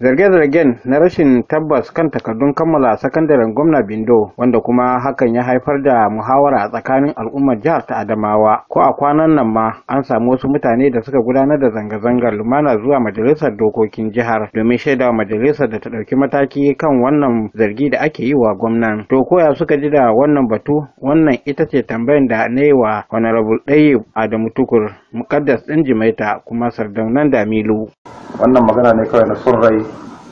Zarge-zargen na rashin tabbas kan takardun kammala sakandaren gwamna Bindo wanda kuma hakan ya haifar da muhawara a tsakanin al'ummar jihar ta Adamawa. Ko a kwanan nan ma an samu wasu mutane da suka gudanar da zanga-zangar lumana zuwa majalisar dokokin jihar domin shaida majalisar da ta ɗauki mataki kan wannan zargi da ake yi wa gwamnan. To koya suka ji da wannan batu wannan ita ce tambayan da na yi wa Honorable Ɗayyib Adamu Tukur, Mukaddas ɗin Jimaita kuma Sardaunan Damilu. Wannan magana ne kawai na son rai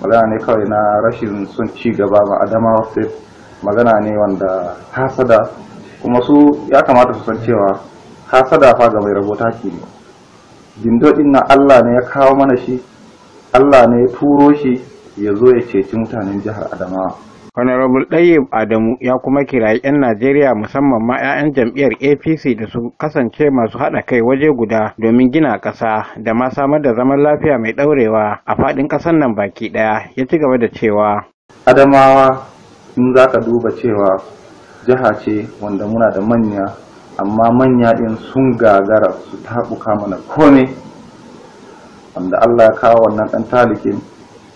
magana ne kawai na rashin sun ci gaba ba adamawa state magana ne wanda hasada kuma su ya kamata su san cewa hasada fa ga mai rabota ke ne dindodin na allah ne ya kawo mana shi allah ne ya turo shi ya zo ya ceci mutanen jihar adamawa Honorable Ɗayib Adamu ya kuma kirayi 'yan Najeriya musamman ma 'ya'yan jam'iyyar APC da su kasance masu haɗa kai waje guda domin gina ƙasa da ma samar da zaman lafiya mai ɗaurewa a faɗin ƙasar nan baki ɗaya ya ci gaba da cewa. Adamawa in za ka duba cewa jiha ce wanda muna da manya amma manya ɗin sun gagara su taɓuka mana kome wanda Allah ya kawo wannan ɗan talikin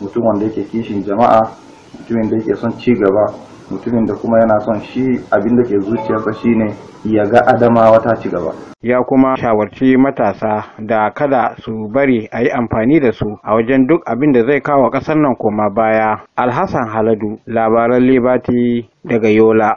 mutum wanda yake kishin jama'a mutumin da yake son ci gaba mutumin da kuma yana son shi abin da ke zuciyarsa shine ya ga adamawa ta ci gaba ya kuma shawarci matasa da kada su bari a yi amfani da su a wajen duk abin da zai kawo ƙasar nan koma baya alhassan haladu labaran libati daga yola